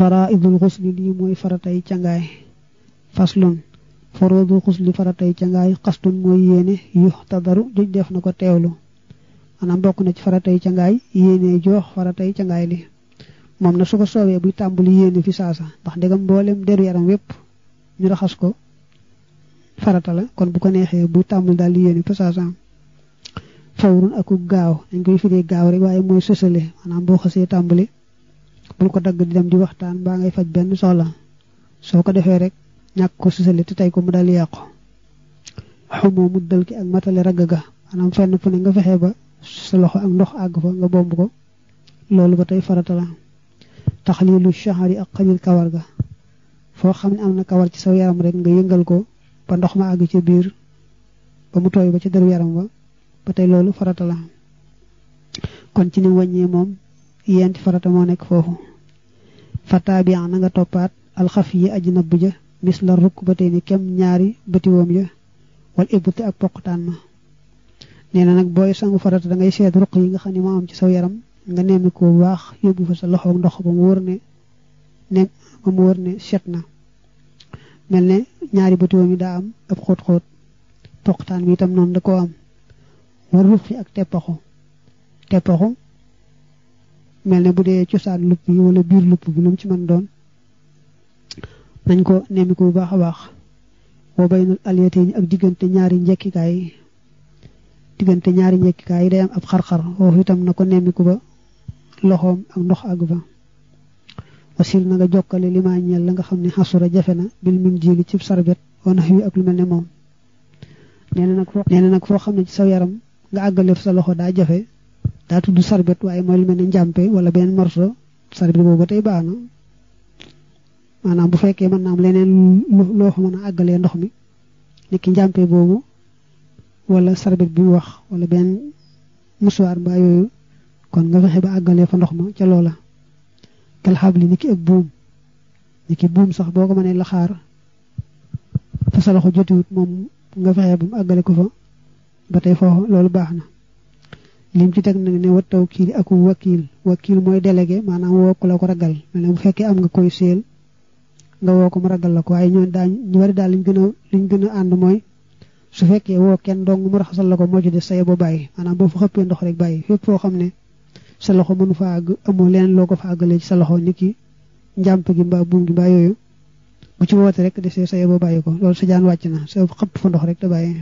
faraidul xusli lii mooy faratay cangaay faslun cangaay xastun mooy yéene yu tadaru juj ko teewlu maanaam na ci faratay cangaay yéene joox faratay cangaay li na su ko soowee buy tàmbali yéene fi saasa ndax ndegam mboolem yaram wépp ñu raxas ko farata la kon bu ko neexee buy tàmbali daal di yéene fi saasa fawrun aku gaaw dañ koy firee gaaw rek waaye mooy sësale maanaam boo xasee tàmbali bul ko dagg di dem di waxtaan ba ngay faj ben soxla soo ko defee rek ñàkk ko susali te tey ko mu dal yàqu xumoo mu dal ki ak matale ragg ga maanaam fenn fu ne nga fexe ba sa loxo ak ndox àgg fa nga bomb ko loolu ba tey farata la taxlilu shahari ak xalil kawar ga foo kawar ci saw yaram rek nga yëngal ko ba ndox ma àgg ci biir ba mu tooy ba ci deru yaram ba ba tey farata la kon ci ni wàññee moom yenti farata moo nekk foofu fataabiya na nga toppaat alxaf yi aji nabb ja mis la rukk ba tey ni kem ñaari bëtiwoom ya wal ibbuti ak poqutaan ma nee na nag booy sangu farata da ngay seet ruq yi nga xam ne moo am ci sa yaram nga nemmi ko bu baax yóbbu fa sa loxoog ndox ba mu wër ne ne ba mu wër ne set na mel ne ñaari bëtiwoom yi daa am ab xóot-xóot poqutaan bi tam noonu da koo am war ruq yi ak teppaxu teppaxu mel ne bu dee cosaan lupp bi wala biir lupp bi lu mu ci man doon nañ ko nemmiku bu baax a baax boo baynul yi ak diggante ñaari njekkikaay diggante ñaari njekkikaay day am ab xar-xar foofu itam na ko nemmiku ba loxoom ak ndox àgg ba wasil na nga jokkale limaa ñeel la nga xam ne xasura jafe na bil min jili cib sarbet wanax wi ak lu mel ne moom nee na nag foo xam ne ci saw yaram nga àggale sa loxo daa jafe daa tudd sarbet waaye mooy lu mel ne njàmpe wala beneen morso sarbet boobu ba tey baax na maanaam bu fekkee mën na am leneen loo mën a àggalee ndox mi niki njàmpe boobu wala sarbet bi wax wala benn musuwaar mbaa yooyu kon nga fexe ba àggalee fa ndox ma ca loola gal xabli niki ak buum niki buum sax boo ko mënee laxaar fa sa loxo jotiwut moom nga fexe ba mu àggale ko fa ba tey foofu loolu baax na lim ci tek nag ne wa tawkil ak wakil wakil moy délégué manam woo ko la ko ragal mel bu fekkee am nga koy seel nga woo ko mu ragal la ko ay ñoo daa ñu bari daal liñ gëna liñ gën a su fekkee woo kenn dong mu raxal la ko mo ci des saye ba bàyyi maanaam fa xëppee ndox rek bay fepp fo xamné ne sa loxo mënu fa ag amu leneen loko fa agalé ci sa loxo niki njamp gi mba bu gi mbaa yooyu bu ci wote rek desee sey ba bàyyi ko loolu sa jaan wàcc na sa xëpp fa ndox rek da baye